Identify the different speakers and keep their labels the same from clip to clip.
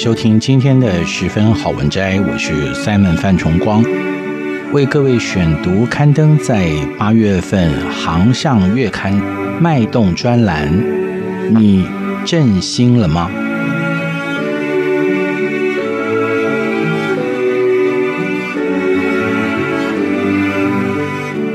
Speaker 1: 收聽今天的十分好文摘，我是 Simon 范崇光，為各位選讀刊登在八月份《航向月刊》脈動專欄。你振興了嗎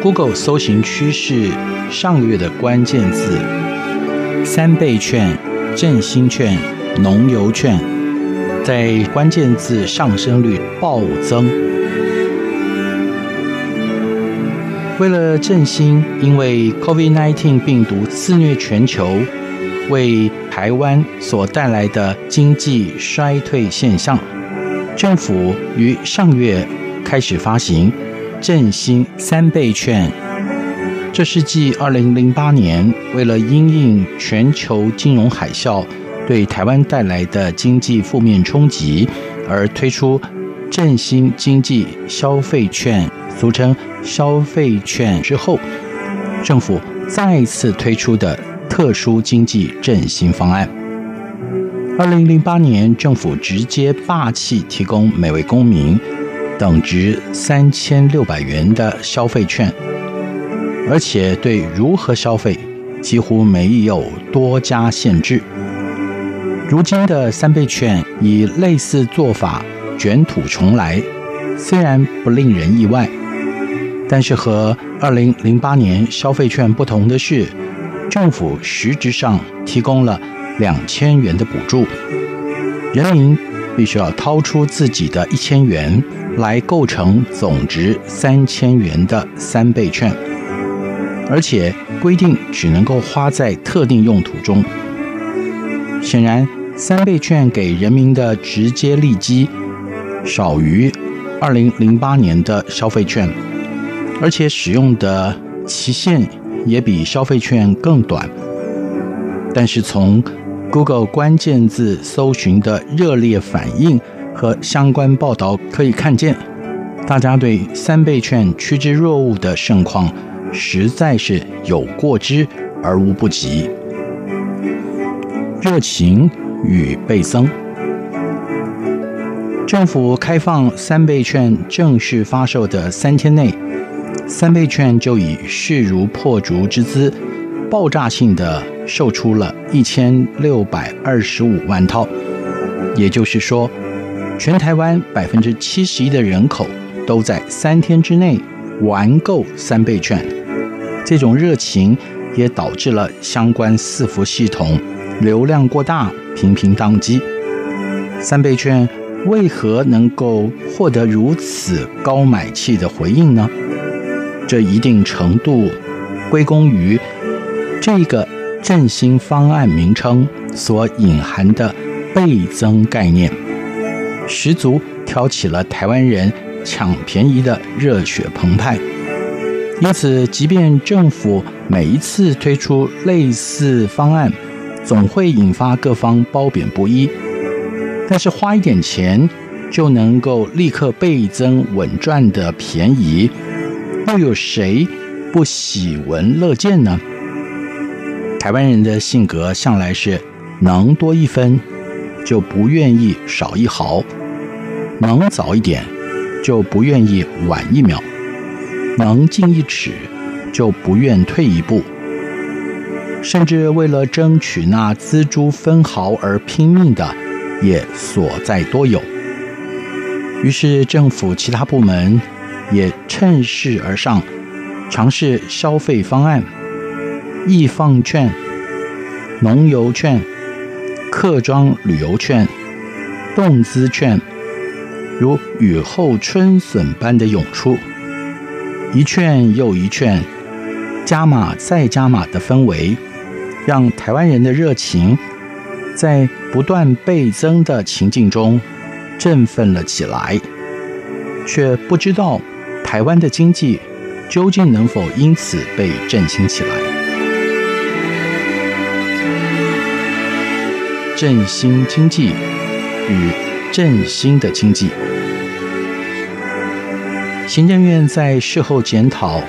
Speaker 1: ？Google 搜尋趨勢上個月的關鍵字：三倍券、振興券、農遊券。在關鍵字上升率暴增。為了振興，因為 COVID-19 病毒肆虐全球，為台灣所帶來的經濟衰退現象，政府於上月開始發行振興三倍券。這是繼二零零八年為了因應全球金融海嘯。對台灣帶來的經濟負面衝擊，而推出振興經濟消費券，俗稱消費券之後，政府再次推出的特殊經濟振興方案。二零零八年，政府直接霸氣提供每位公民等值三千六百元的消費券，而且對如何消費幾乎沒有多加限制。如今的三倍券以類似做法卷土重來，雖然不令人意外，但是和2008年消費券不同的是，政府實質上提供了2000元的補助，人民必須要掏出自己的一千元來構成總值3000元的三倍券，而且規定只能夠花在特定用途中。顯然。三倍券給人民的直接利基少於二零零八年的消費券，而且使用的期限也比消費券更短。但是從 Google 關鍵字搜尋的熱烈反應和相關報道可以看見，大家對三倍券趨之若鶩的盛況實在是有過之而無不及。熱情。與倍增，政府開放三倍券正式發售的三天內，三倍券就以勢如破竹之姿，爆炸性的售出了一千六百二十五萬套。也就是說，全台灣百分之七十一的人口都在三天之內玩夠三倍券。這種熱情也導致了相關伺服系統流量過大，頻頻宕機，三倍券為何能夠獲得如此高買氣的回應呢？這一定程度歸功於這個振興方案名稱所隱含的倍增概念，十足挑起了台灣人搶便宜的熱血澎湃。因此，即便政府每一次推出類似方案，總會引發各方褒貶不一，但是花一點錢就能夠立刻倍增穩賺的便宜，又有誰不喜聞樂見呢？台灣人的性格向來是能多一分就不願意少一毫，能早一點就不願意晚一秒，能進一尺就不願退一步。甚至為了爭取那錙銖分毫而拼命的，也所在多有。於是政府其他部門也趁勢而上，嘗試消費方案，易放券、農遊券、客莊旅遊券、動資券，如雨後春筍般的湧出，一券又一券，加碼再加碼的氛圍。讓台灣人的熱情在不斷倍增的情境中振奮了起來，卻不知道台灣的經濟究竟能否因此被振興起來。振興經濟與振興的經濟，行政院在事後檢討。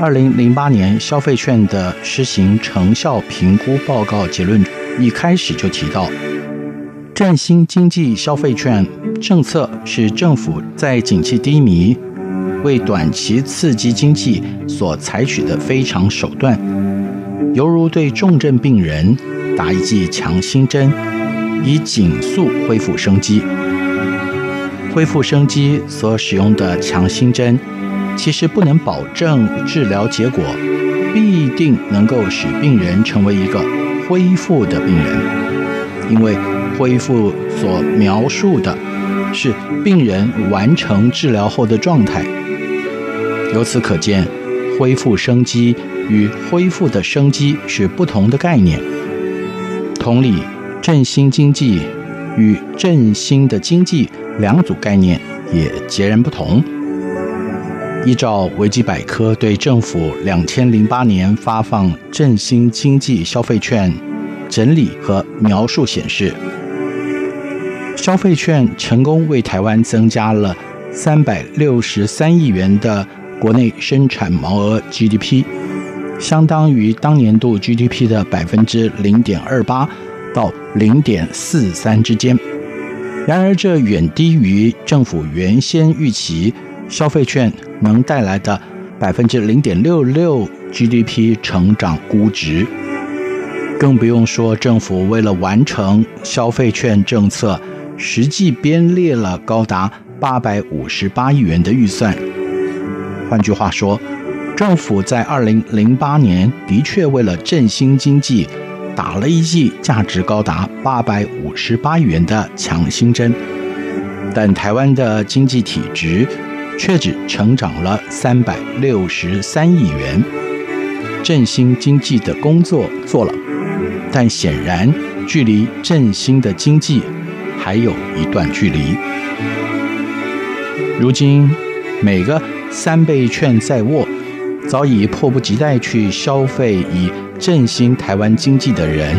Speaker 1: 二零零八年消費券的施行成效評估報告結論，一開始就提到，振興經濟消費券政策是政府在景氣低迷，為短期刺激經濟所採取的非常手段，猶如對重症病人打一劑強心針，以緊速恢復生機。恢復生機所使用的強心針。其實不能保證治療結果必定能夠使病人成為一個恢復的病人，因為恢復所描述的是病人完成治療後的狀態。由此可見，恢復生機與恢復的生機是不同的概念。同理，振興經濟與振興的經濟兩組概念也截然不同。依照維基百科對政府兩千零八年發放振興經濟消費券整理和描述顯示，消費券成功為台灣增加了三百六十三億元的國內生產毛額 GDP，相當於當年度 GDP 的百分之零點二八到零點四三之間。然而，這遠低於政府原先預期。消費券能帶來的百分之零點六六 GDP 成長估值，更不用說政府為了完成消費券政策，實際編列了高達八百五十八億元的預算。換句話說，政府在二零零八年的確為了振興經濟，打了一劑價值高達八百五十八億元的強心針。但台灣的經濟體制，卻只成長了三百六十三億元，振興經濟的工作做了，但顯然距離振興的經濟還有一段距離。如今，每個三倍券在握，早已迫不及待去消費以振興台灣經濟的人，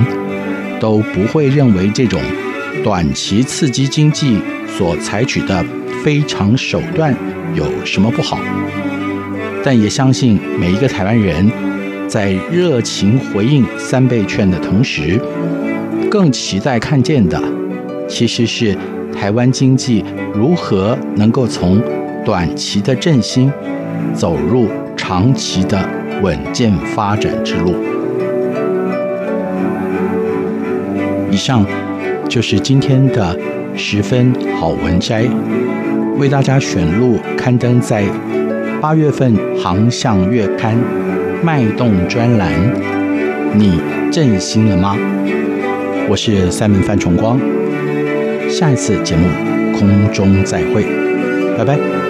Speaker 1: 都不會認為這種短期刺激經濟所採取的。非常手段有什麼不好？但也相信每一個台灣人，在熱情回應三倍券的同時，更期待看見的，其實是台灣經濟如何能夠從短期的振興，走入長期的穩健發展之路。以上就是今天的十分好文摘。為大家選錄刊登在八月份《航向月刊》脈動專欄，你振興了嗎？我是三門范崇光，下一次節目空中再會，拜拜。